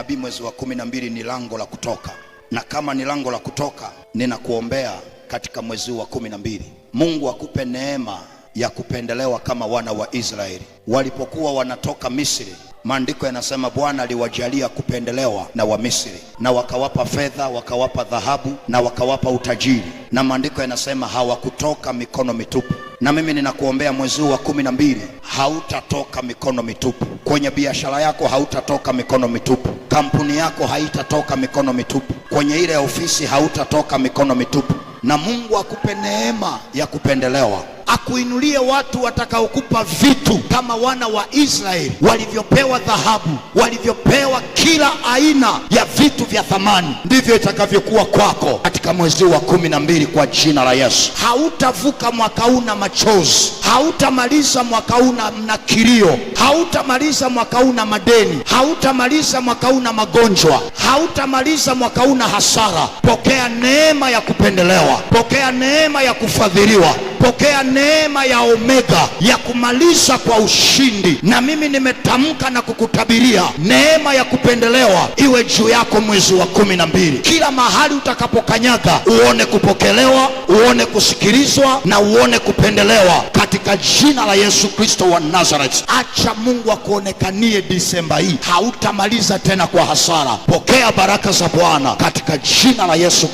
Nabii mwezi wa kumi na mbili ni lango la kutoka, na kama ni lango la kutoka, ninakuombea katika mwezi wa kumi na mbili, Mungu akupe neema ya kupendelewa kama wana wa Israeli walipokuwa wanatoka Misri. Maandiko yanasema Bwana aliwajalia kupendelewa na Wamisri, na wakawapa fedha, wakawapa dhahabu na wakawapa utajiri, na maandiko yanasema hawakutoka mikono mitupu na mimi ninakuombea mwezi huu wa kumi na mbili hautatoka mikono mitupu kwenye biashara yako, hautatoka mikono mitupu kampuni yako haitatoka mikono mitupu kwenye ile ofisi, hautatoka mikono mitupu, na Mungu akupe neema ya kupendelewa akuinulie watu watakaokupa vitu kama wana wa Israeli walivyopewa dhahabu, walivyopewa kila aina ya vitu vya thamani, ndivyo itakavyokuwa kwako katika mwezi wa kumi na mbili kwa jina la Yesu. Hautavuka mwaka huu na machozi, hautamaliza mwaka huu na kilio, hautamaliza mwaka huu na madeni, hautamaliza mwaka huu na magonjwa, hautamaliza mwaka huu na hasara. Pokea neema ya kupendelewa, pokea neema ya kufadhiliwa. Pokea neema ya Omega ya kumaliza kwa ushindi, na mimi nimetamka na kukutabiria neema ya kupendelewa iwe juu yako mwezi wa kumi na mbili. Kila mahali utakapokanyaga uone kupokelewa, uone kusikilizwa na uone kupendelewa katika jina la Yesu Kristo wa Nazareth. Acha Mungu akuonekanie Disemba hii, hautamaliza tena kwa hasara. Pokea baraka za Bwana katika jina la Yesu Kristo.